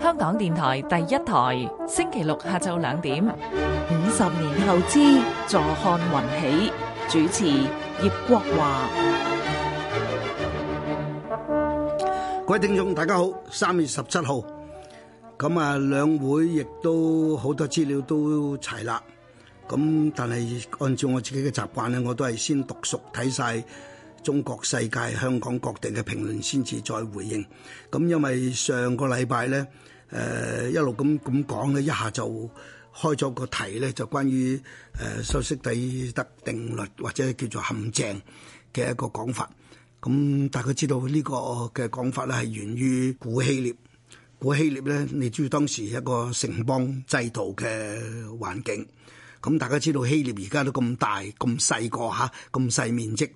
香港電台第一台，星期六下晝兩點。五十年後之，坐看雲起。主持葉國華。各位聽眾，大家好。三月十七號，咁啊，兩會亦都好多資料都齊啦。咁但係按照我自己嘅習慣咧，我都係先讀熟睇晒。中國世界、香港各地嘅評論先至再回應。咁因為上個禮拜咧，誒、呃、一路咁咁講咧，一下就開咗個題咧，就關於誒、呃、修昔底德定律或者叫做陷阱嘅一個講法。咁、嗯、大家知道呢個嘅講法咧，係源於古希臘。古希臘咧，你知當時一個城邦制度嘅環境。咁、嗯、大家知道希臘而家都咁大，咁細個吓，咁細面積。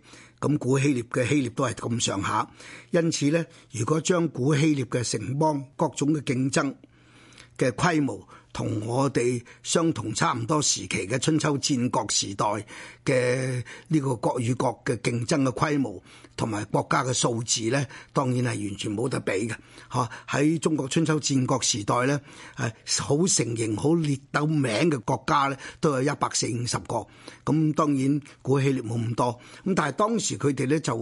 咁古希臘嘅希臘都係咁上下，因此咧，如果將古希臘嘅城邦各種嘅競爭嘅規模，同我哋相同差唔多時期嘅春秋戰國時代嘅呢個國與國嘅競爭嘅規模，同埋國家嘅數字咧，當然係完全冇得比嘅。嚇、啊、喺中國春秋戰國時代咧，係、啊、好成形好列到名嘅國家咧，都有一百四五十個。咁當然古希臘冇咁多。咁但係當時佢哋咧就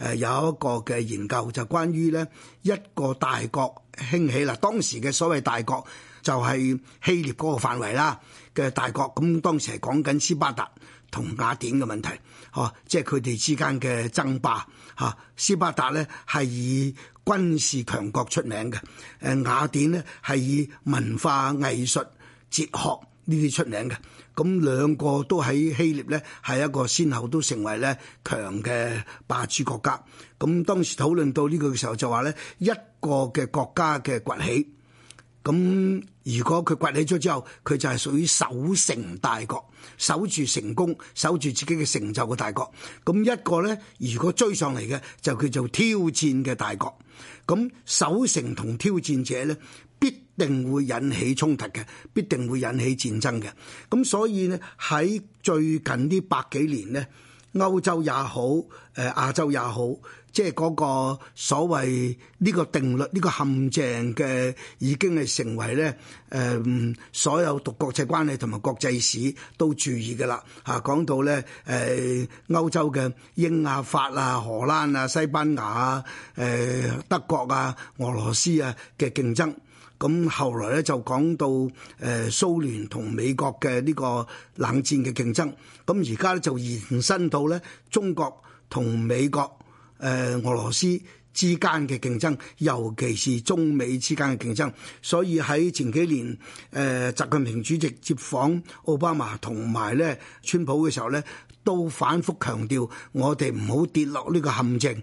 誒有一個嘅研究，就關於咧一個大國興起啦、啊。當時嘅所謂大國。就係希臘嗰個範圍啦嘅大國，咁當時係講緊斯巴達同雅典嘅問題，嚇，即係佢哋之間嘅爭霸嚇。斯巴達咧係以軍事強國出名嘅，誒雅典咧係以文化藝術、哲學呢啲出名嘅。咁兩個都喺希臘咧係一個，先後都成為咧強嘅霸主國家。咁當時討論到呢個嘅時候，就話咧一個嘅國家嘅崛起。咁如果佢崛起咗之後，佢就係屬於守成大國，守住成功，守住自己嘅成就嘅大國。咁一個咧，如果追上嚟嘅就叫做挑戰嘅大國。咁守成同挑戰者咧，必定會引起衝突嘅，必定會引起戰爭嘅。咁所以咧喺最近呢百幾年咧，歐洲也好，誒、呃、亞洲也好。即係嗰個所謂呢個定律，呢、這個陷阱嘅已經係成為咧誒、呃，所有讀國際關係同埋國際史都注意嘅啦。啊，講到咧誒、呃，歐洲嘅英啊、法啊、荷蘭啊、西班牙啊、誒、呃、德國啊、俄羅斯啊嘅競爭，咁後來咧就講到誒蘇聯同美國嘅呢個冷戰嘅競爭，咁而家咧就延伸到咧中國同美國。誒俄羅斯之間嘅競爭，尤其是中美之間嘅競爭，所以喺前幾年，誒習近平主席接訪奧巴馬同埋咧川普嘅時候咧，都反覆強調我哋唔好跌落呢個陷阱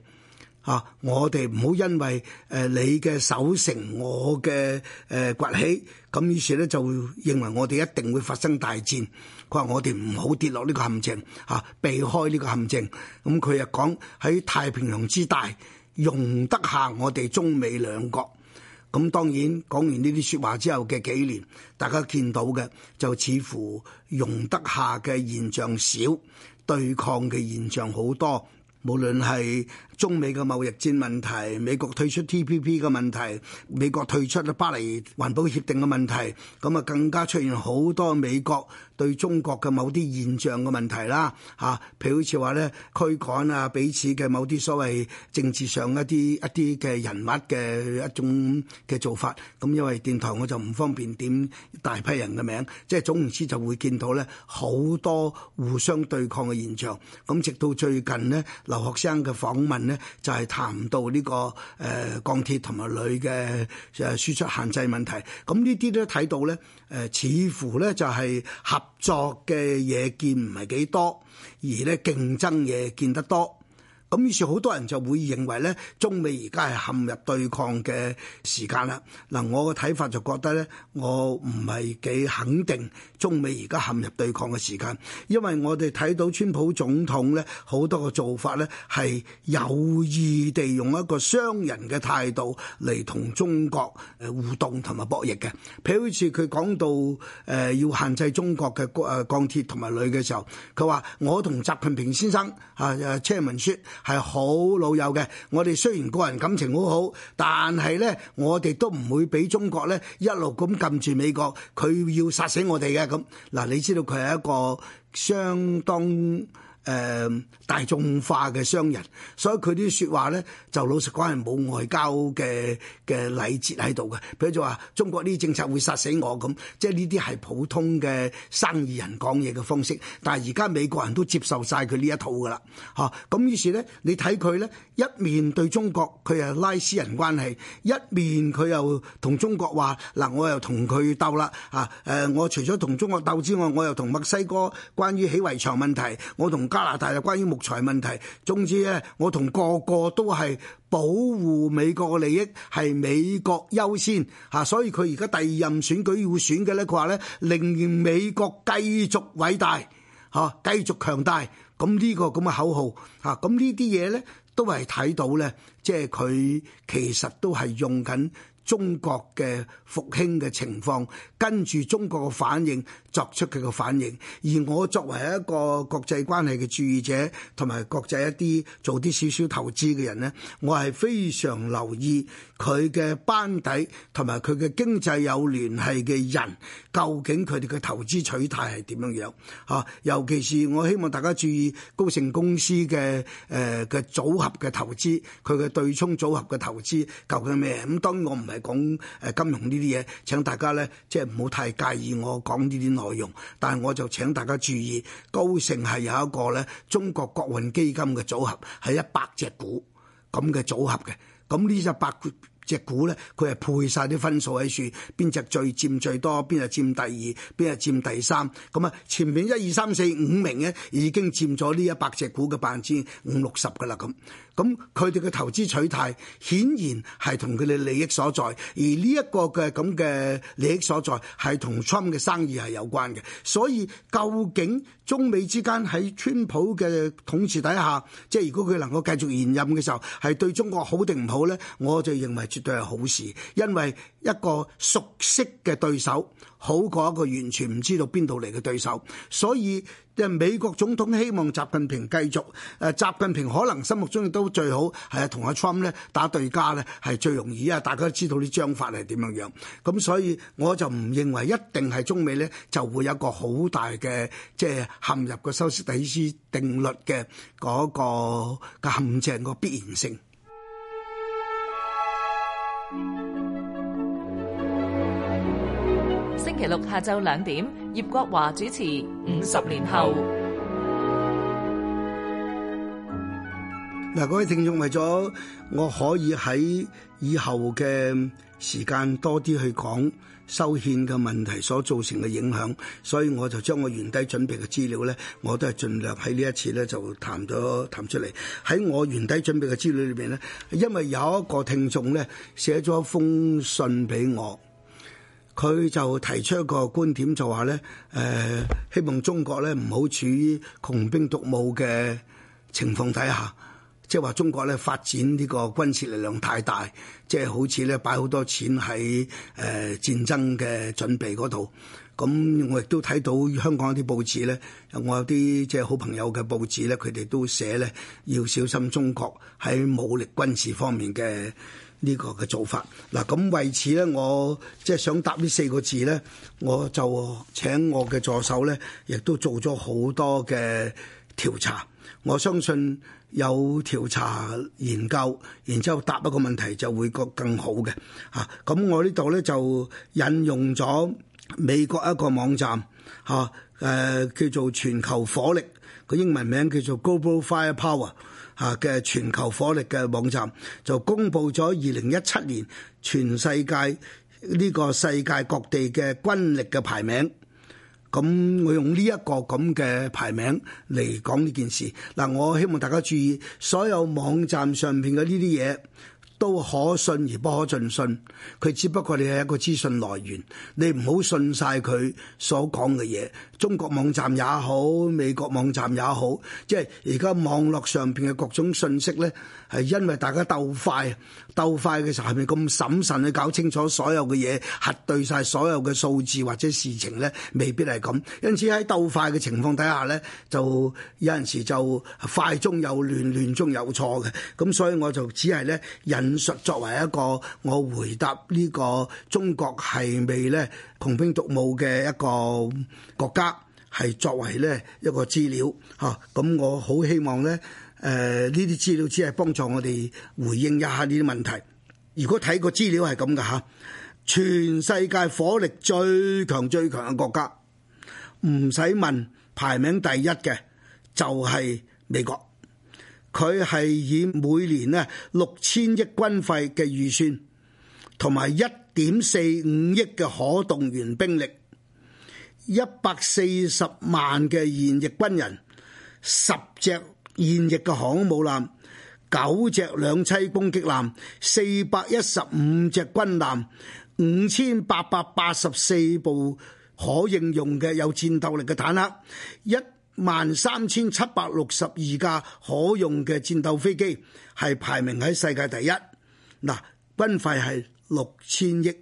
嚇，我哋唔好因為誒你嘅守成、我嘅誒崛起，咁於是咧就認為我哋一定會發生大戰。佢話：我哋唔好跌落呢個陷阱，嚇、啊，避開呢個陷阱。咁佢又講喺太平洋之大，容得下我哋中美兩國。咁、嗯、當然講完呢啲説話之後嘅幾年，大家見到嘅就似乎容得下嘅現象少，對抗嘅現象好多。無論係中美嘅貿易戰問題、美國退出 TPP 嘅問題、美國退出巴黎環保協定嘅問題，咁、嗯、啊更加出現好多美國，對中國嘅某啲現象嘅問題啦，嚇，譬如好似話咧驅趕啊，彼此嘅某啲所謂政治上一啲一啲嘅人物嘅一種嘅做法，咁因為電台我就唔方便點大批人嘅名，即係總言之就會見到咧好多互相對抗嘅現象。咁直到最近呢，留學生嘅訪問咧就係、是、談到呢、這個誒、呃、鋼鐵同埋鋁嘅誒輸出限制問題。咁呢啲都睇到咧誒、呃，似乎咧就係合。合作嘅嘢見唔係幾多，而咧競爭嘢見得多。咁於是好多人就會認為咧，中美而家係陷入對抗嘅時間啦。嗱，我嘅睇法就覺得咧，我唔係幾肯定中美而家陷入對抗嘅時間，因為我哋睇到川普總統咧好多個做法咧係有意地用一個商人嘅態度嚟同中國誒互動同埋博弈嘅。譬如好似佢講到誒要限制中國嘅誒鋼鐵同埋鋁嘅時候，佢話我同習近平先生啊，車文説。係好老友嘅，我哋雖然個人感情好好，但係呢，我哋都唔會俾中國呢一路咁撳住美國，佢要殺死我哋嘅咁。嗱，你知道佢係一個相當，誒、嗯、大眾化嘅商人，所以佢啲說話咧就老實講係冇外交嘅嘅禮節喺度嘅。譬如就話中國啲政策會殺死我咁，即係呢啲係普通嘅生意人講嘢嘅方式。但係而家美國人都接受晒佢呢一套噶啦，吓、啊，咁於是咧你睇佢咧一面對中國佢係拉私人關係，一面佢又同中國話嗱，我又同佢鬥啦，嚇，誒，我除咗同中國鬥之外，我又同墨西哥關於起圍牆問題，我同加拿大就關於木材問題，總之咧，我同個個都係保護美國嘅利益，係美國優先嚇，所以佢而家第二任選舉要選嘅咧，佢話咧，令美國繼續偉大嚇，繼續強大，咁呢個咁嘅口號嚇，咁呢啲嘢咧都係睇到咧，即係佢其實都係用緊中國嘅復興嘅情況，跟住中國嘅反應。作出佢個反應，而我作為一個國際關係嘅注意者，同埋國際一啲做啲少少投資嘅人咧，我係非常留意佢嘅班底同埋佢嘅經濟有聯繫嘅人，究竟佢哋嘅投資取態係點樣樣吓，啊，尤其是我希望大家注意高盛公司嘅誒嘅組合嘅投資，佢嘅對沖組合嘅投資究竟係咩？咁、嗯、當然我唔係講誒金融呢啲嘢，請大家咧即係唔好太介意我講呢啲。內容，但係我就請大家注意，高盛係有一個咧中國國運基金嘅組合，係一百隻股咁嘅組合嘅，咁呢隻百隻股咧，佢係配晒啲分數喺樹，邊隻最佔最多，邊隻佔第二，邊隻佔第三。咁啊，前面一二三四五名咧，已經佔咗呢一百隻股嘅百分之五六十噶啦咁。咁佢哋嘅投資取態，顯然係同佢哋利益所在。而呢一個嘅咁嘅利益所在，係同 Trump 嘅生意係有關嘅。所以究竟中美之間喺川普嘅統治底下，即係如果佢能夠繼續連任嘅時候，係對中國好定唔好咧？我就認為。絕對係好事，因為一個熟悉嘅對手好過一個完全唔知道邊度嚟嘅對手，所以誒美國總統希望習近平繼續誒，呃，習近平可能心目中亦都最好係啊，同阿 Trump 咧打對家咧係最容易啊，大家都知道你章法係點樣樣，咁所以我就唔認為一定係中美咧就會有一個好大嘅即係陷入個修昔底德定律嘅嗰個陷阱個必然性。星期六下晝兩點，葉國華主持《五十年後》，各位聽。嗱，各位聽眾為咗我可以喺以後嘅時間多啲去講修憲嘅問題所造成嘅影響，所以我就將我原底準備嘅資料咧，我都係盡量喺呢一次咧就談咗談出嚟。喺我原底準備嘅資料裏邊咧，因為有一個聽眾咧寫咗封信俾我。佢就提出一個觀點，就話咧，誒，希望中國咧唔好處於窮兵黷武嘅情況底下，即係話中國咧發展呢個軍事力量太大，即係好似咧擺好多錢喺誒、呃、戰爭嘅準備嗰度。咁、嗯、我亦都睇到香港啲報紙咧，我有啲即係好朋友嘅報紙咧，佢哋都寫咧要小心中國喺武力軍事方面嘅。呢個嘅做法嗱，咁為此咧，我即係想答呢四個字咧，我就請我嘅助手咧，亦都做咗好多嘅調查。我相信有調查研究，然之後答一個問題就會覺得更好嘅嚇。咁我呢度咧就引用咗美國一個網站嚇，誒叫做全球火力，個英文名叫做 Global Firepower。嚇嘅全球火力嘅網站就公布咗二零一七年全世界呢個世界各地嘅軍力嘅排名。咁我用呢一個咁嘅排名嚟講呢件事。嗱，我希望大家注意所有網站上邊嘅呢啲嘢。都可信而不可盡信，佢只不過，你係一個資訊來源，你唔好信晒佢所講嘅嘢。中國網站也好，美國網站也好，即係而家網絡上邊嘅各種信息咧。係因為大家鬥快，鬥快嘅時候係咪咁審慎去搞清楚所有嘅嘢，核對晒所有嘅數字或者事情咧，未必係咁。因此喺鬥快嘅情況底下咧，就有陣時就快中有亂，亂中有錯嘅。咁所以我就只係咧引述作為一個我回答呢個中國係未咧窮兵黷武嘅一個國家，係作為咧一個資料嚇。咁我好希望咧。誒，呢啲、呃、資料只係幫助我哋回應一下呢啲問題。如果睇過資料係咁嘅嚇，全世界火力最強、最強嘅國家，唔使問排名第一嘅就係美國。佢係以每年咧六千億軍費嘅預算，同埋一點四五億嘅可動員兵力，一百四十萬嘅現役軍人，十隻現役嘅航母艦，九隻兩棲攻擊艦，四百一十五隻軍艦，五千八百八十四部可應用嘅有戰鬥力嘅坦克，一萬三千七百六十二架可用嘅戰鬥飛機，係排名喺世界第一。嗱，軍費係六千億。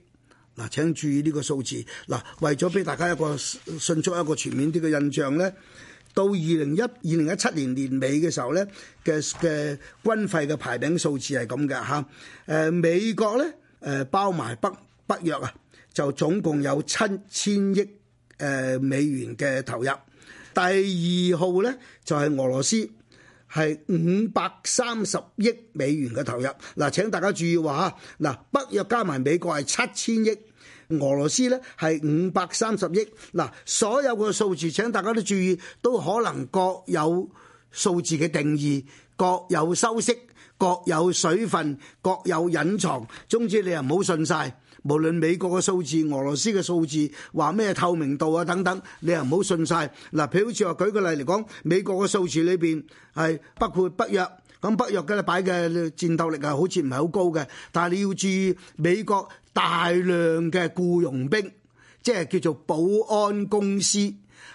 嗱，請注意呢個數字。嗱，為咗俾大家一個迅速一個全面啲嘅印象呢。到二零一二零一七年年尾嘅時候咧，嘅嘅軍費嘅排名數字係咁嘅嚇，誒美國咧，誒包埋北北約啊，就總共有七千億誒美元嘅投入。第二號咧就係俄羅斯，係五百三十億美元嘅投入。嗱，請大家注意話嚇，嗱，北約加埋美國係七千億，俄羅斯咧係五百三十億。嗱，所有嘅數字，請大家都注意，都可能各有數字嘅定義，各有修飾，各有水分，各有隱藏。總之你又唔好信晒，無論美國嘅數字、俄羅斯嘅數字，話咩透明度啊等等，你又唔好信晒嗱。譬如好似話，舉個例嚟講，美國嘅數字裏邊係包括北約。咁北約嘅咧，擺嘅戰鬥力啊，好似唔係好高嘅。但係你要注意，美國大量嘅僱傭兵，即係叫做保安公司。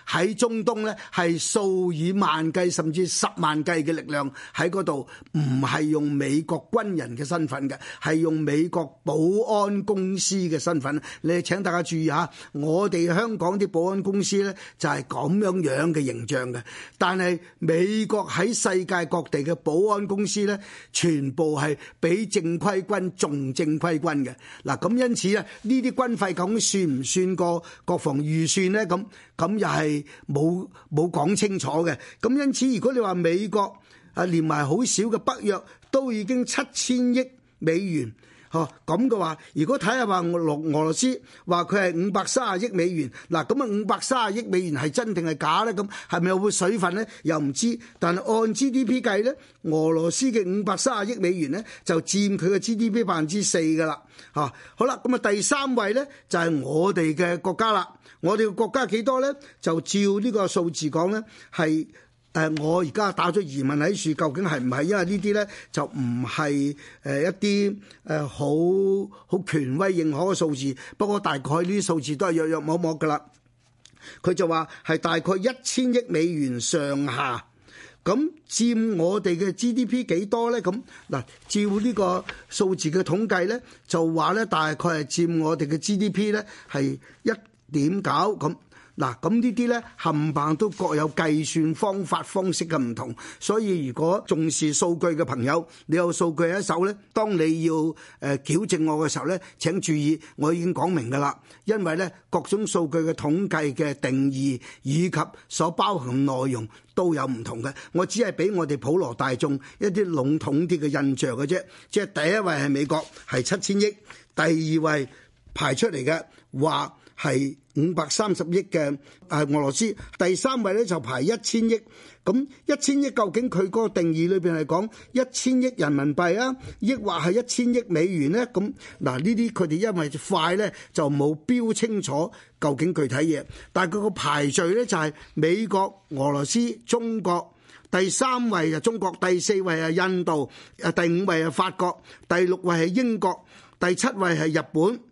喺中東咧，係數以萬計甚至十萬計嘅力量喺嗰度，唔係用美國軍人嘅身份嘅，係用美國保安公司嘅身份。你哋請大家注意下，我哋香港啲保安公司咧就係咁樣樣嘅形象嘅。但係美國喺世界各地嘅保安公司咧，全部係比正規軍仲正規軍嘅。嗱，咁因此咧，呢啲軍費咁算唔算過國防預算咧？咁咁又係。冇冇講清楚嘅，咁因此如果你話美國啊，連埋好少嘅北約都已經七千億美元。咁嘅話，如果睇下話俄俄羅斯話佢係五百三十億美元，嗱咁啊五百三十億美元係真定係假呢？咁係咪有冇水分呢？又唔知。但係按 GDP 計呢，俄羅斯嘅五百三十億美元呢，就佔佢嘅 GDP 百分之四嘅啦。嚇好啦，咁啊第三位呢，就係我哋嘅國家啦。我哋嘅國家幾多呢？就照呢個數字講呢，係。誒，我而家打咗疑問喺度，究竟係唔係？因為呢啲咧，就唔係誒一啲誒好好權威認可嘅數字。不過大概呢啲數字都係約約摸摸嘅啦。佢就話係大概一千億美元上下，咁佔我哋嘅 GDP 幾多咧？咁嗱，照呢個數字嘅統計咧，就話咧大概係佔我哋嘅 GDP 咧係一點九咁。嗱，咁呢啲呢，冚唪唥都各有計算方法方式嘅唔同，所以如果重視數據嘅朋友，你有數據一手呢，當你要誒矯正我嘅時候呢，請注意，我已經講明㗎喇，因為呢，各種數據嘅統計嘅定義以及所包含內容都有唔同嘅，我只係俾我哋普羅大眾一啲籠統啲嘅印象嘅啫，即係第一位係美國係七千億，第二位排出嚟嘅話。係五百三十億嘅係俄羅斯，第三位咧就排一千億，咁一千億究竟佢個定義裏邊係講一千億人民幣啊，抑或係一千億美元呢？咁嗱呢啲佢哋因為快呢就冇標清楚究竟具體嘢，但係佢個排序呢就係美國、俄羅斯、中國，第三位就中國，第四位係印度，誒第五位係法國，第六位係英國，第七位係日本。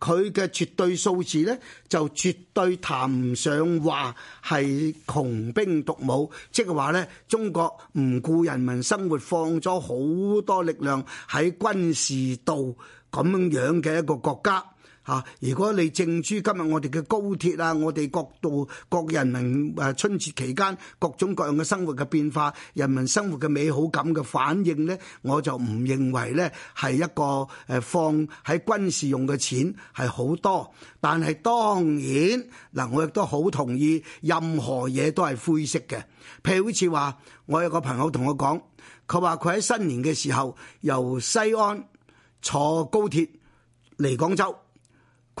佢嘅絕對數字呢，就絕對談唔上話係窮兵黷武，即係話呢，中國唔顧人民生活，放咗好多力量喺軍事度咁樣嘅一個國家。啊！如果你證諸今日我哋嘅高鐵啊，我哋各度各人民誒春節期間各種各樣嘅生活嘅變化，人民生活嘅美好感嘅反應咧，我就唔認為咧係一個誒放喺軍事用嘅錢係好多，但係當然嗱，我亦都好同意任何嘢都係灰色嘅，譬如好似話，我有個朋友同我講，佢話佢喺新年嘅時候由西安坐高鐵嚟廣州。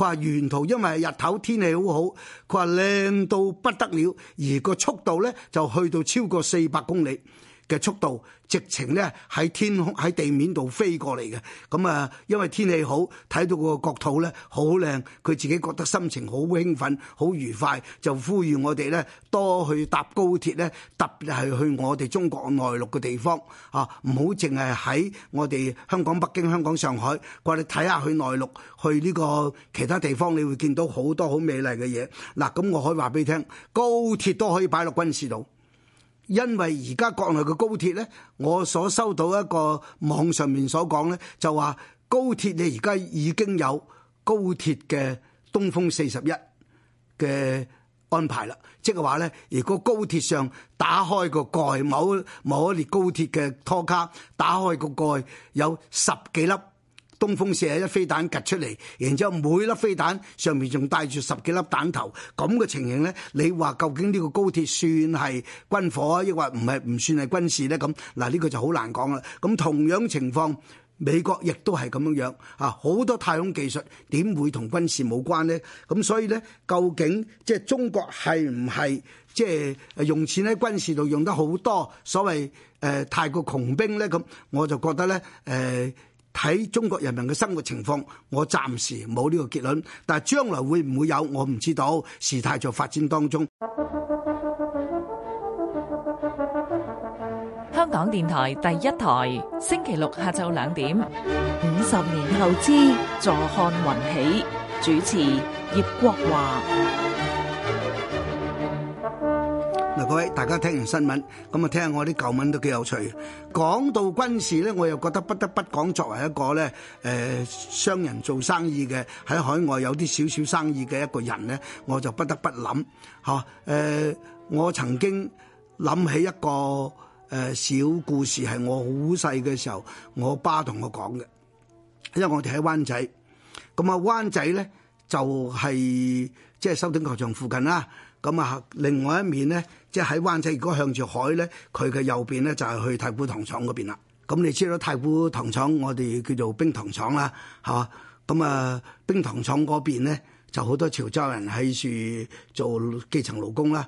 佢話沿途因為日頭天氣好好，佢話靚到不得了，而個速度咧就去到超過四百公里。嘅速度直情咧喺天空喺地面度飛過嚟嘅，咁啊，因為天氣好，睇到個國土咧好靚，佢自己覺得心情好興奮，好愉快，就呼籲我哋咧多去搭高鐵咧，特別係去我哋中國內陸嘅地方啊，唔好淨係喺我哋香港、北京、香港、上海，我你睇下去內陸去呢個其他地方，你會見到好多好美麗嘅嘢。嗱，咁我可以話俾你聽高鐵都可以擺落軍事度。因為而家國內嘅高鐵咧，我所收到一個網上面所講咧，就話、是、高鐵你而家已經有高鐵嘅東風四十一嘅安排啦，即係話咧，如果高鐵上打開個蓋，某某一列高鐵嘅拖卡打開個蓋，有十幾粒。東風四一飛彈突出嚟，然之後每粒飛彈上面仲帶住十幾粒彈頭，咁嘅情形呢，你話究竟呢個高鐵算係軍火啊，抑或唔係唔算係軍事呢？咁嗱，呢、這個就好難講啦。咁同樣情況，美國亦都係咁樣樣啊，好多太空技術點會同軍事冇關呢？咁所以呢，究竟即係中國係唔係即係用錢喺軍事度用得好多，所謂誒、呃、太過窮兵呢？咁我就覺得呢。誒、呃。睇中國人民嘅生活情況，我暫時冇呢個結論，但係將來會唔會有，我唔知道。事態在發展當中。香港電台第一台，星期六下晝兩點。五十年後之坐看雲起，主持葉國華。各位，大家聽完新聞，咁啊聽下我啲舊聞都幾有趣。講到軍事咧，我又覺得不得不講。作為一個咧，誒、呃、商人做生意嘅喺海外有啲少少生意嘅一個人咧，我就不得不諗嚇。誒、啊呃，我曾經諗起一個誒、呃、小故事，係我好細嘅時候，我爸同我講嘅，因為我哋喺灣仔，咁啊灣仔咧就係即係修頓球場附近啦。咁啊，另外一面咧，即係喺灣仔，如果向住海咧，佢嘅右邊咧就係去太古糖廠嗰邊啦。咁你知道太古糖廠，我哋叫做冰糖廠啦，嚇。咁啊，冰糖廠嗰邊咧就好多潮州人喺處做基層勞工啦。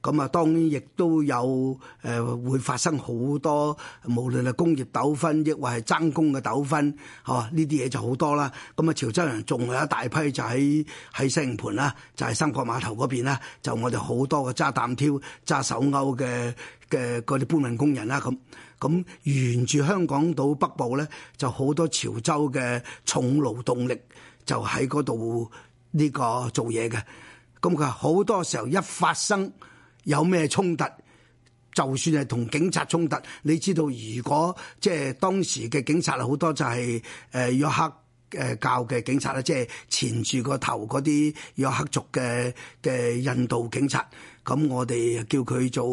咁啊，當然亦都有誒、呃，會發生好多，無論係工業糾紛，亦或係爭工嘅糾紛，嚇呢啲嘢就好多啦。咁、嗯、啊，潮州人仲有一大批就喺喺西營盤啦、啊，就係、是、三角碼頭嗰邊啦、啊，就我哋好多嘅揸擔挑、揸手勾嘅嘅嗰啲搬運工人啦、啊，咁咁沿住香港島北部咧，就好多潮州嘅重勞動力就喺嗰度呢個做嘢嘅。咁佢好多時候一發生，有咩衝突？就算係同警察衝突，你知道如果即係當時嘅警察好多就係、是、誒、呃、約克。誒教嘅警察咧，即係纏住個頭嗰啲有黑族嘅嘅印度警察，咁我哋叫佢做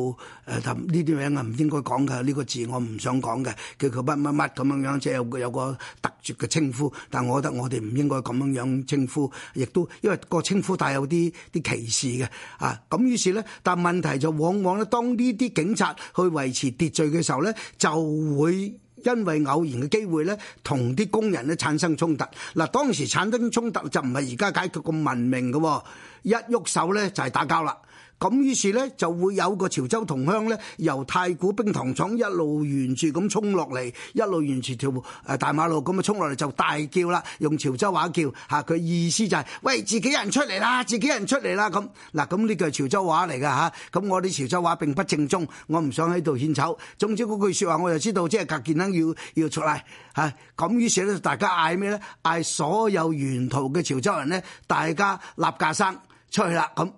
誒，呢啲名啊唔應該講嘅，呢個字我唔想講嘅，叫佢乜乜乜咁樣樣，即係有個有個特絕嘅稱呼，但我覺得我哋唔應該咁樣樣稱呼，亦都因為個稱呼帶有啲啲歧視嘅啊。咁於是咧，但係問題就往往咧，當呢啲警察去維持秩序嘅時候咧，就會。因為偶然嘅機會咧，同啲工人咧產生衝突。嗱，當時產生衝突就唔係而家解決咁文明嘅，一喐手咧就係打交啦。咁於是咧就會有個潮州同鄉咧，由太古冰糖廠一路沿住咁衝落嚟，一路沿住條誒大馬路咁啊衝落嚟就大叫啦，用潮州話叫嚇，佢、啊、意思就係、是、喂自己人出嚟啦，自己人出嚟啦咁。嗱，咁呢句潮州話嚟噶嚇，咁、啊、我啲潮州話並不正宗，我唔想喺度獻醜。總之嗰句說話我就知道，即係隔建生要要出嚟嚇。咁、啊、於是咧，大家嗌咩咧？嗌所有沿途嘅潮州人咧，大家立架生出去啦咁。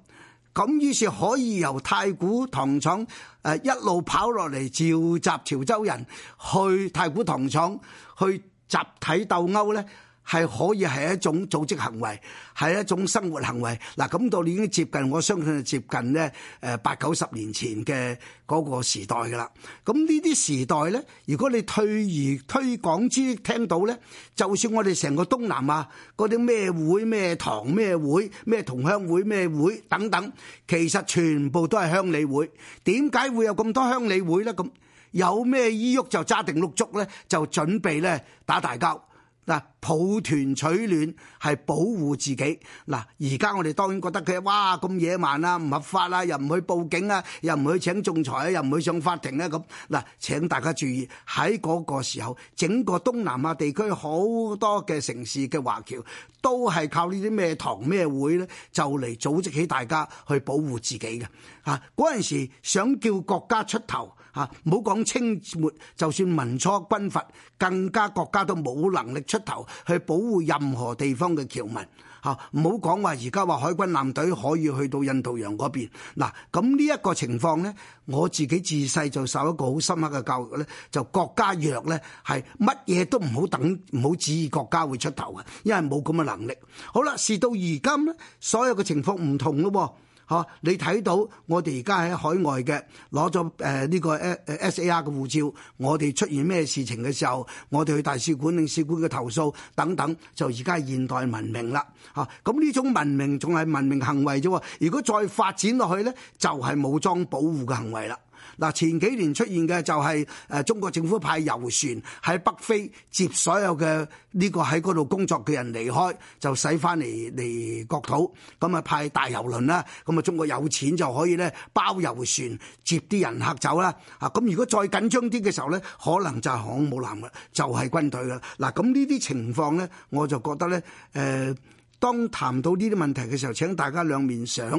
咁於是可以由太古糖廠誒一路跑落嚟，召集潮州人去太古糖廠去集體鬥毆咧。係可以係一種組織行為，係一種生活行為。嗱，咁到你已經接近，我相信係接近咧誒八九十年前嘅嗰個時代噶啦。咁呢啲時代咧，如果你退而推廣之，聽到咧，就算我哋成個東南亞嗰啲咩會、咩堂、咩會、咩同鄉會、咩會等等，其實全部都係鄉里會。點解會有咁多鄉里會咧？咁有咩依喐就揸定碌竹咧，就準備咧打大交。嗱，抱團取暖係保護自己。嗱，而家我哋當然覺得佢哇咁野蠻啦，唔合法啦，又唔去報警啊，又唔去請仲裁啊，又唔去上法庭咧咁。嗱，請大家注意，喺嗰個時候，整個東南亞地區好多嘅城市嘅華僑都係靠呢啲咩堂咩會咧，就嚟組織起大家去保護自己嘅。啊，嗰陣時想叫國家出頭。唔好講清末，就算民初軍閥，更加國家都冇能力出頭去保護任何地方嘅僑民。嚇，唔好講話而家話海軍艦隊可以去到印度洋嗰邊。嗱，咁呢一個情況咧，我自己自細就受一個好深刻嘅教育咧，就國家弱咧，係乜嘢都唔好等，唔好指意國家會出頭呀，因為冇咁嘅能力。好啦，事到如今咧，所有嘅情況唔同咯。嚇！你睇到我哋而家喺海外嘅攞咗誒呢個 S 誒 SAR 嘅護照，我哋出現咩事情嘅時候，我哋去大使館領事館嘅投訴等等，就而家係現代文明啦。嚇！咁呢種文明仲係文明行為啫喎，如果再發展落去咧，就係武裝保護嘅行為啦。嗱，前幾年出現嘅就係誒中國政府派遊船喺北非接所有嘅呢個喺嗰度工作嘅人離開，就使返嚟嚟國土，咁啊派大遊輪啦，咁啊中國有錢就可以咧包遊船接啲人客走啦。啊，咁如果再緊張啲嘅時候咧，可能就係航空母艦喇，就係、是、軍隊啦。嗱，咁呢啲情況咧，我就覺得咧，誒、呃。當談到呢啲問題嘅時候，請大家兩面想。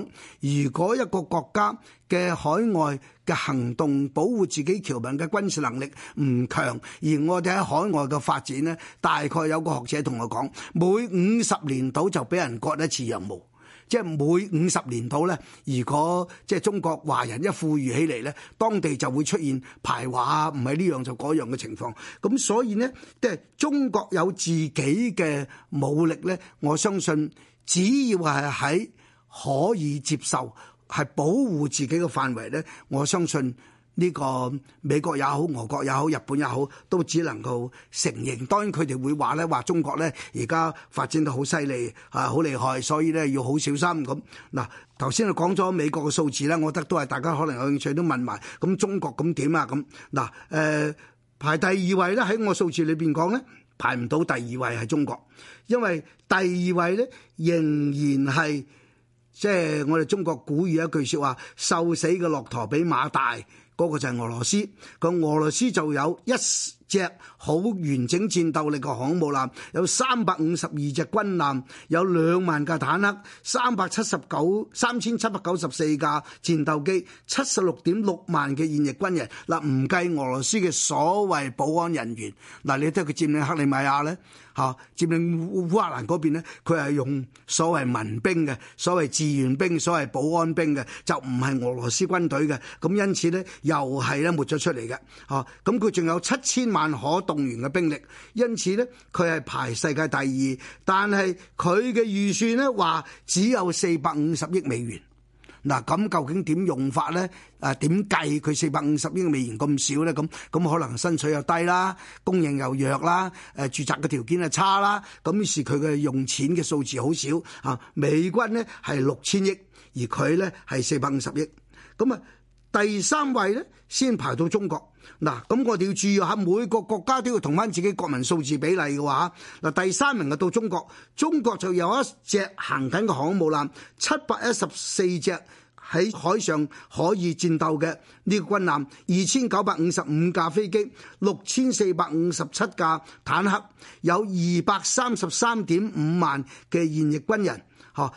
如果一個國家嘅海外嘅行動保護自己僑民嘅軍事能力唔強，而我哋喺海外嘅發展呢，大概有個學者同我講，每五十年度就俾人割一次羊毛。即係每五十年度咧，如果即係中國華人一富裕起嚟咧，當地就會出現排華啊，唔係呢樣就嗰樣嘅情況。咁所以咧，即係中國有自己嘅武力咧，我相信只要係喺可以接受、係保護自己嘅範圍咧，我相信。呢個美國也好，俄國也好，日本也好，都只能夠承認。當然佢哋會話咧，話中國咧而家發展得好犀利，啊好厲害，所以咧要好小心咁。嗱，頭先啊講咗美國嘅數字啦，我覺得都係大家可能有興趣都問埋。咁中國咁點啊？咁嗱，誒排第二位咧，喺我數字裏邊講咧，排唔到第二位係中國，因為第二位咧仍然係即係我哋中國古語一句説話：瘦死嘅駱駝比馬大。嗰個就係俄羅斯，個俄羅斯就有一、yes.。即係好完整戰鬥力嘅航母艦，有三百五十二隻軍艦，有兩萬架坦克，三百七十九三千七百九十四架戰鬥機，七十六點六萬嘅現役軍人嗱，唔計俄羅斯嘅所謂保安人員嗱，你睇佢占領克里米亞咧吓，占領烏克蘭嗰邊呢，佢係用所謂民兵嘅，所謂志願兵，所謂保安兵嘅，就唔係俄羅斯軍隊嘅，咁因此呢，又係咧抹咗出嚟嘅，吓，咁佢仲有七千萬。萬可動員嘅兵力，因此呢，佢係排世界第二，但係佢嘅預算呢，話只有四百五十億美元。嗱，咁究竟點用法呢？啊，點計佢四百五十億美元咁少呢？咁咁可能薪水又低啦，供應又弱啦，誒，住宅嘅條件又差啦，咁於是佢嘅用錢嘅數字好少。啊，美軍呢係六千億，而佢呢係四百五十億，咁啊。第三位咧，先排到中國嗱，咁我哋要注意下每個國家都要同翻自己國民數字比例嘅話，嗱第三名啊到中國，中國就有一隻行緊嘅航母艦，七百一十四隻喺海上可以戰鬥嘅呢個軍艦，二千九百五十五架飛機，六千四百五十七架坦克，有二百三十三點五萬嘅現役軍人。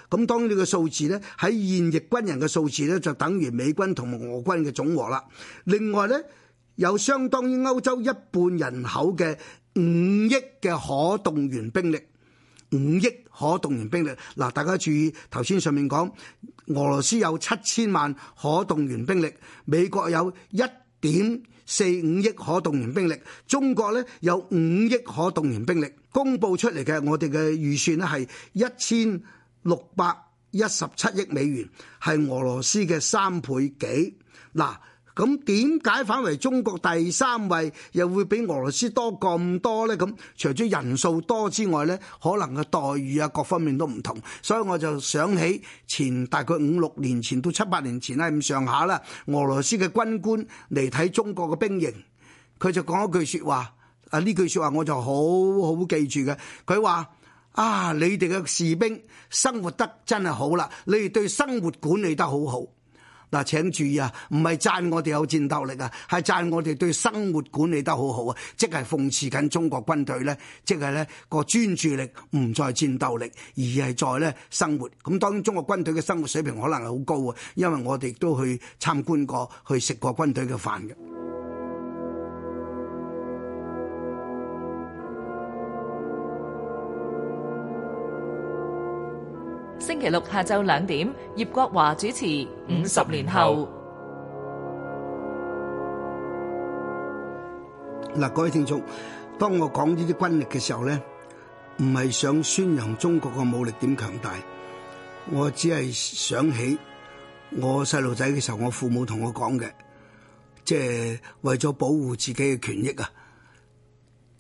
咁、哦、當然呢個數字呢，喺現役軍人嘅數字呢，就等於美軍同俄軍嘅總和啦。另外呢，有相當於歐洲一半人口嘅五億嘅可動員兵力，五億可動員兵力。嗱，大家注意頭先上面講，俄羅斯有七千萬可動員兵力，美國有一點四五億可動員兵力，中國呢，有五億可動員兵力。公佈出嚟嘅我哋嘅預算呢，係一千六百一十七億美元係俄羅斯嘅三倍幾，嗱，咁點解反為中國第三位，又會比俄羅斯多咁多呢？咁除咗人數多之外呢，可能嘅待遇啊，各方面都唔同，所以我就想起前大概五六年前到七八年前係咁上下啦，俄羅斯嘅軍官嚟睇中國嘅兵營，佢就講一句說話，啊，呢句說話我就好好記住嘅，佢話。啊！你哋嘅士兵生活得真係好啦，你哋對生活管理得好好。嗱，請注意啊，唔係讚我哋有戰鬥力啊，係讚我哋對生活管理得好好啊，即係諷刺緊中國軍隊呢，即係呢個專注力唔再戰鬥力，而係在呢生活。咁當然，中國軍隊嘅生活水平可能係好高啊，因為我哋都去參觀過，去食過軍隊嘅飯嘅。星期六下晝兩點，葉國華主持《五十年後》。嗱，各位聽眾，當我講呢啲軍力嘅時候咧，唔係想宣揚中國嘅武力點強大，我只係想起我細路仔嘅時候，我父母同我講嘅，即係為咗保護自己嘅權益啊，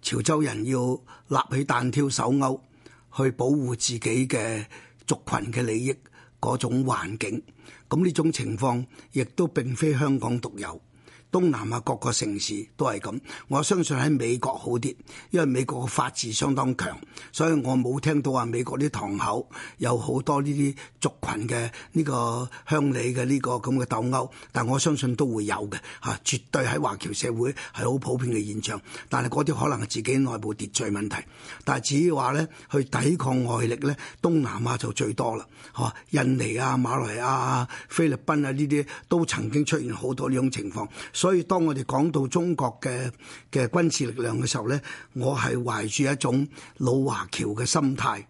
潮州人要立起彈跳手勾去保護自己嘅。族群嘅利益嗰種環境，咁呢種情況亦都並非香港獨有。東南亞各個城市都係咁，我相信喺美國好啲，因為美國嘅法治相當強，所以我冇聽到話美國啲堂口有好多呢啲族群嘅呢個鄉里嘅呢個咁嘅鬥毆，但我相信都會有嘅嚇、啊，絕對喺華僑社會係好普遍嘅現象，但係嗰啲可能係自己內部秩序問題，但係至於話咧去抵抗外力咧，東南亞就最多啦嚇、啊，印尼啊、馬來亞啊、菲律賓啊呢啲都曾經出現好多呢種情況。所以當我哋講到中國嘅嘅軍事力量嘅時候咧，我係懷住一種老華僑嘅心態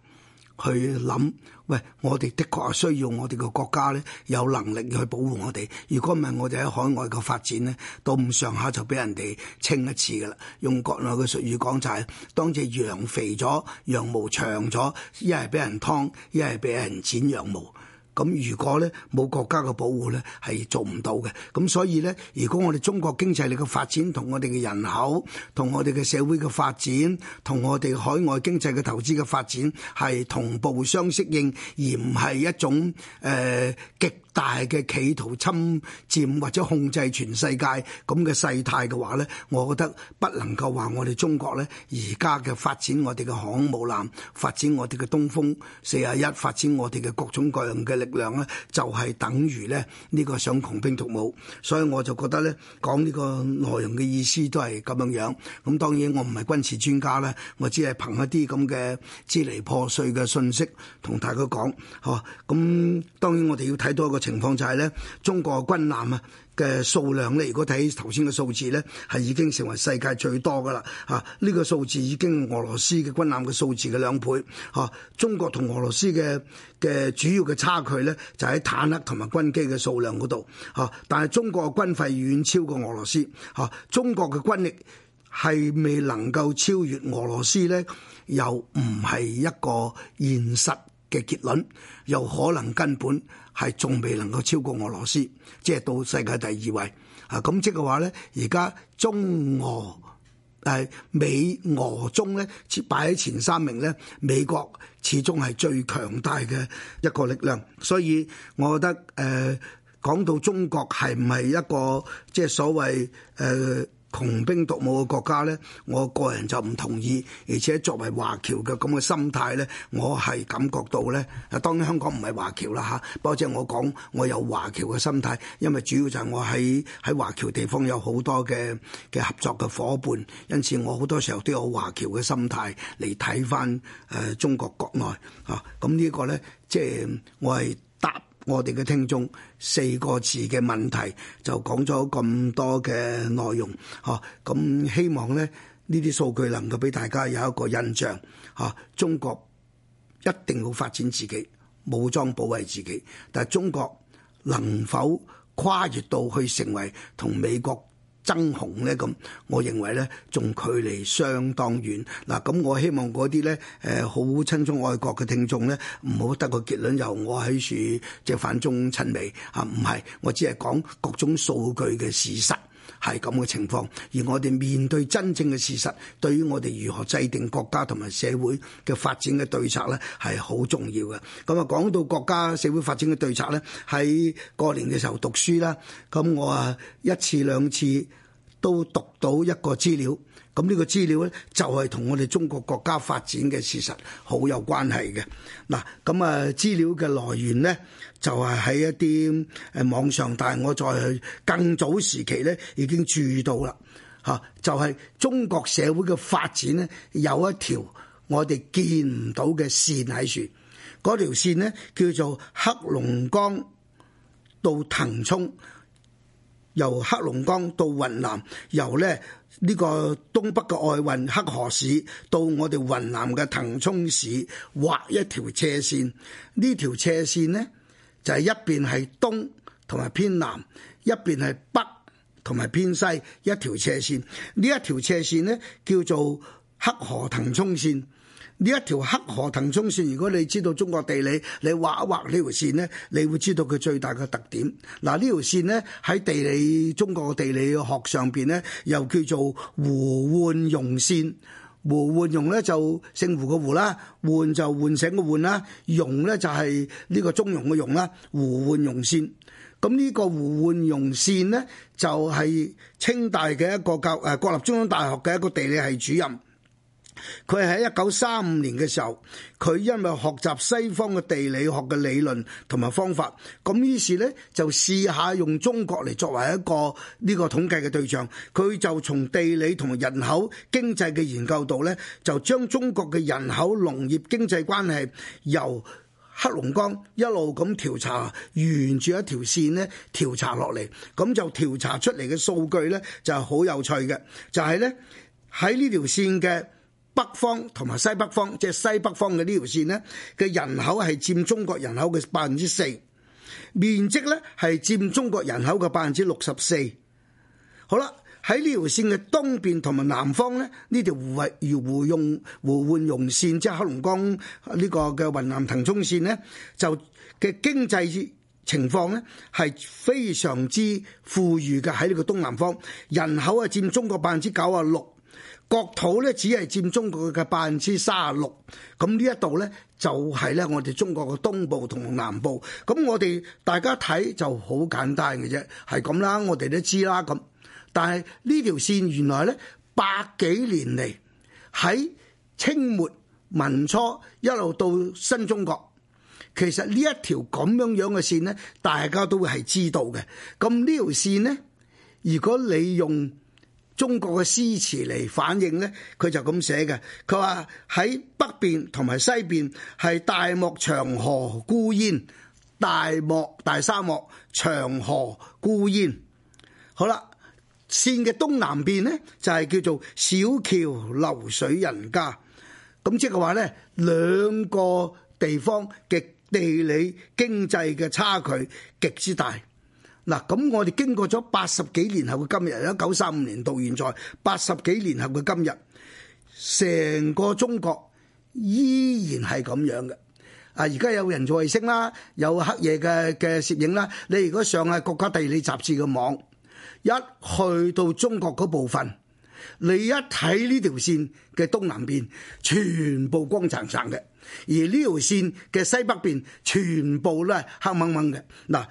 去諗，喂，我哋的確係需要我哋嘅國家咧有能力去保護我哋。如果唔係，我哋喺海外嘅發展咧，到唔上下就俾人哋清一次噶啦。用國內嘅術語講就係，當隻羊肥咗，羊毛長咗，一係俾人劏，一係俾人剪羊毛。咁如果咧冇國家嘅保護咧，係做唔到嘅。咁所以咧，如果我哋中國經濟力嘅發展同我哋嘅人口、同我哋嘅社會嘅發展、同我哋海外經濟嘅投資嘅發展係同步相適應，而唔係一種誒極。呃大嘅企圖侵占或者控制全世界咁嘅世態嘅話咧，我覺得不能夠話我哋中國咧而家嘅發展，我哋嘅航母艦發展，我哋嘅東風四啊一發展，我哋嘅各種各樣嘅力量咧，就係等於咧呢個想窮兵黷武，所以我就覺得咧講呢個內容嘅意思都係咁樣樣，咁當然我唔係軍事專家咧，我只係憑一啲咁嘅支離破碎嘅信息同大家講吓。咁當然我哋要睇多個。情況就係、是、咧，中國軍艦啊嘅數量咧，如果睇頭先嘅數字咧，係已經成為世界最多噶啦嚇。呢、啊呢個數字已經俄羅斯嘅軍艦嘅數字嘅兩倍嚇、啊。中國同俄羅斯嘅嘅主要嘅差距咧，就喺、是、坦克同埋軍機嘅數量嗰度嚇。但係中國嘅軍費遠超過俄羅斯嚇、啊。中國嘅軍力係未能夠超越俄羅斯咧，又唔係一個現實。嘅結論又可能根本係仲未能夠超過俄羅斯，即係到世界第二位啊！咁即係話咧，而家中俄誒、啊、美俄中咧，擺喺前三名咧，美國始終係最強大嘅一個力量，所以我覺得誒、呃、講到中國係唔係一個即係所謂誒，呃窮兵黷武嘅國家咧，我個人就唔同意，而且作為華僑嘅咁嘅心態咧，我係感覺到咧。啊，當然香港唔係華僑啦嚇，不過即係我講，我有華僑嘅心態，因為主要就係我喺喺華僑地方有好多嘅嘅合作嘅伙伴，因此我好多時候都有華僑嘅心態嚟睇翻誒中國國內啊。咁呢個咧，即係我係。我哋嘅聽眾四個字嘅問題就講咗咁多嘅內容，吓、啊，咁希望咧呢啲數據能夠俾大家有一個印象，吓、啊，中國一定要發展自己，武裝保衛自己，但係中國能否跨越到去成為同美國。爭雄咧，咁，我認為咧仲距離相當遠嗱。咁我希望嗰啲咧誒好親中愛國嘅聽眾咧，唔好得個結論就我喺處即反中親美，嚇、啊，唔係，我只係講各種數據嘅事實。係咁嘅情況，而我哋面對真正嘅事實，對於我哋如何制定國家同埋社會嘅發展嘅對策呢，係好重要嘅。咁啊，講到國家社會發展嘅對策呢，喺過年嘅時候讀書啦，咁我啊一次兩次都讀到一個資料，咁呢個資料呢，就係同我哋中國國家發展嘅事實好有關係嘅。嗱，咁啊資料嘅來源呢。就係喺一啲誒網上，但係我再去更早時期咧，已經注意到啦嚇、啊。就係、是、中國社會嘅發展咧，有一條我哋見唔到嘅線喺處。嗰條線咧叫做黑龍江到騰衝，由黑龍江到雲南，由咧呢、這個東北嘅外運黑河市到我哋雲南嘅騰衝市，畫一條斜線。呢條斜線呢。就係一邊係東同埋偏南，一邊係北同埋偏西，一條斜線。呢一條斜線呢，叫做黑河騰沖線。呢一條黑河騰沖線，如果你知道中國地理，你畫一畫呢條線呢，你會知道佢最大嘅特點。嗱，呢條線呢喺地理、中國地理學上邊呢，又叫做胡煥庸線。胡煥融咧就姓胡，胡換就換，就是，個胡啦，煥就喚醒個喚啦，容咧就係呢個中容個容啦，胡煥融線。咁呢個胡煥融線咧就係，是，清大嘅一個教誒國立中央大學嘅一個地理系主任。佢喺一九三五年嘅時候，佢因為學習西方嘅地理學嘅理論同埋方法，咁於是呢，就試下用中國嚟作為一個呢個統計嘅對象。佢就從地理同人口經濟嘅研究度呢，就將中國嘅人口農業經濟關係由黑龍江一路咁調查沿住一條線呢調查落嚟，咁就調查出嚟嘅數據呢，就係好有趣嘅，就係呢喺呢條線嘅。北方同埋西北方，即係西北方嘅呢條線咧，嘅人口係占中國人口嘅百分之四，面積咧係占中國人口嘅百分之六十四。好啦，喺呢條線嘅東邊同埋南方咧，呢條胡圍胡用胡煥庸線，即係黑龍江呢個嘅雲南騰衝線咧，就嘅經濟情況咧係非常之富裕嘅喺呢個東南方，人口啊占中國百分之九啊六。國土咧只係佔中國嘅百分之卅六，咁呢一度咧就係咧我哋中國嘅東部同南部，咁我哋大家睇就好簡單嘅啫，係咁啦，我哋都知啦咁。但係呢條線原來咧百幾年嚟喺清末民初一路到新中國，其實呢一條咁樣樣嘅線咧，大家都會係知道嘅。咁呢條線咧，如果你用中國嘅詩詞嚟反映咧，佢就咁寫嘅。佢話，喺北邊同埋西邊，係大漠長河孤煙，大漠大沙漠長河孤煙，好啦，線嘅東南邊咧就係、是、叫做小橋流水人家。咁即係話咧，兩個地方嘅地理經濟嘅差距極之大。嗱，咁我哋經過咗八十幾年後嘅今日，一九三五年到現在，八十幾年後嘅今日，成個中國依然係咁樣嘅。啊，而家有人造衛星啦，有黑夜嘅嘅攝影啦。你如果上係國家地理雜誌嘅網，一去到中國嗰部分，你一睇呢條線嘅東南邊，全部光燦燦嘅；而呢條線嘅西北邊，全部都係黑掹掹嘅。嗱。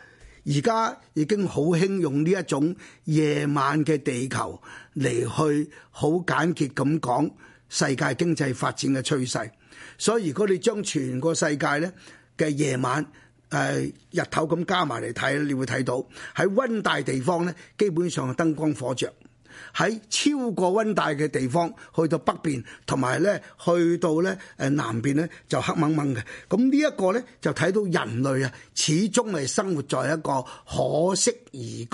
而家已經好興用呢一種夜晚嘅地球嚟，去好簡潔咁講世界經濟發展嘅趨勢。所以如果你將全個世界咧嘅夜晚誒、呃、日頭咁加埋嚟睇咧，你會睇到喺温帶地方咧基本上燈光火着。喺超過温帶嘅地方，去到北邊同埋咧，去到咧誒南邊咧，就黑濛濛嘅。咁呢一個咧，就睇到人類啊，始終係生活在一個可適宜居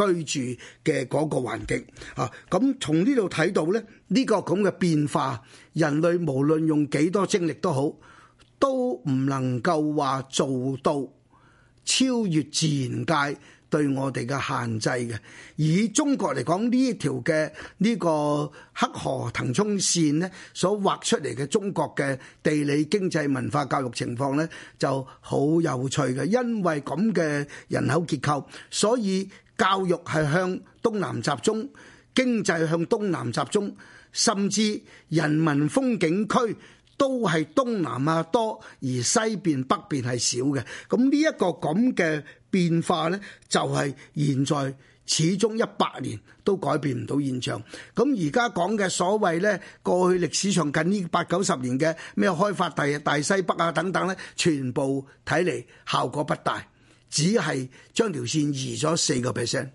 住嘅嗰個環境啊。咁從呢度睇到咧，呢個咁嘅變化，人類無論用幾多精力都好，都唔能夠話做到超越自然界。對我哋嘅限制嘅，以中國嚟講呢條嘅呢個黑河騰沖線呢，所畫出嚟嘅中國嘅地理、經濟、文化、教育情況呢，就好有趣嘅，因為咁嘅人口結構，所以教育係向東南集中，經濟向東南集中，甚至人民風景區。都係東南啊多，而西邊北邊係少嘅。咁呢一個咁嘅變化呢，就係、是、現在始終一百年都改變唔到現象。咁而家講嘅所謂呢，過去歷史上近呢八九十年嘅咩開發第大、大西北啊等等呢，全部睇嚟效果不大，只係將條線移咗四個 percent。